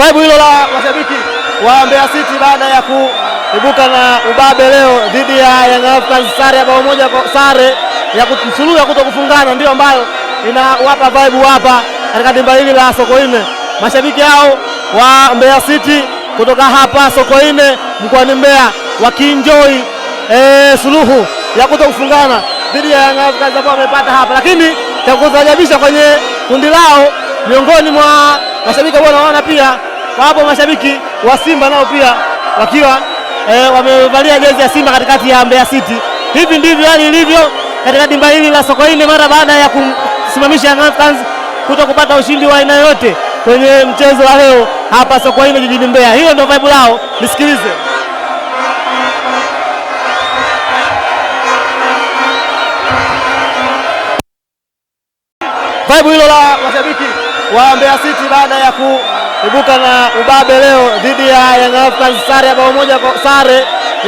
Taibu hilo la mashabiki wa Mbeya City baada ya kuibuka na ubabe leo dhidi ya Young Africans, sare ya bao moja, sare ya suluhu ya kuto kufungana ndiyo ambayo inawapa vibe hapa katika dimba hili la Sokoine, mashabiki hao wa Mbeya City kutoka hapa Sokoine mkoani Mbeya wakienjoy ee, suluhu ya kuto kufungana dhidi ya Young Africans ambao wamepata hapa, lakini cha kustaajabisha kwenye kundi lao miongoni mwa mashabiki ambao wanaona pia wapo mashabiki wa Simba nao pia wakiwa e, wamevalia jezi ya Simba katikati ya Mbeya City. Hivi ndivyo hali ilivyo katika dimba hili la Sokoine mara baada ya kusimamisha Young Africans kuto kupata ushindi wa aina yoyote kwenye mchezo wa leo hapa Sokoine jijini Mbeya. hiyo ndio vibe lao, nisikilize. Vibe hilo la mashabiki wa Mbeya City baada ya ku ibuka na ubabe leo dhidi ya Young Africans, sare ya bao moja, sare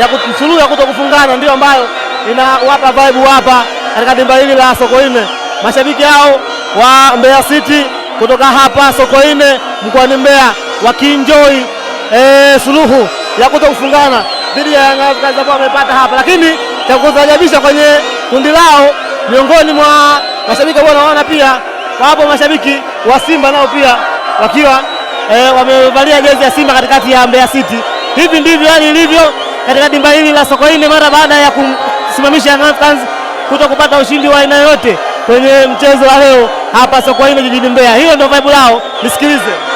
ya suluhu ya kuto kufungana ndio ambayo inawapa vibe hapa katika dimba hili la Sokoine. Mashabiki hao wa Mbeya City kutoka hapa Sokoine mkoani Mbeya wakienjoy ee, suluhu ya kuto kufungana dhidi ya Young Africans ambao wamepata hapa, lakini cha kustaajabisha kwenye kundi lao miongoni mwa mashabiki ambao wanaona pia wapo mashabiki wa Simba nao pia wakiwa eh, wamevalia jezi ya Simba katikati ya Mbeya City. Hivi ndivyo hali ilivyo katika dimba hili la Sokoine mara baada ya kusimamisha Young Africans kuto kupata ushindi wa aina yoyote kwenye mchezo wa leo hapa Sokoine jijini Mbeya. Hiyo ndio vibe lao, nisikilize.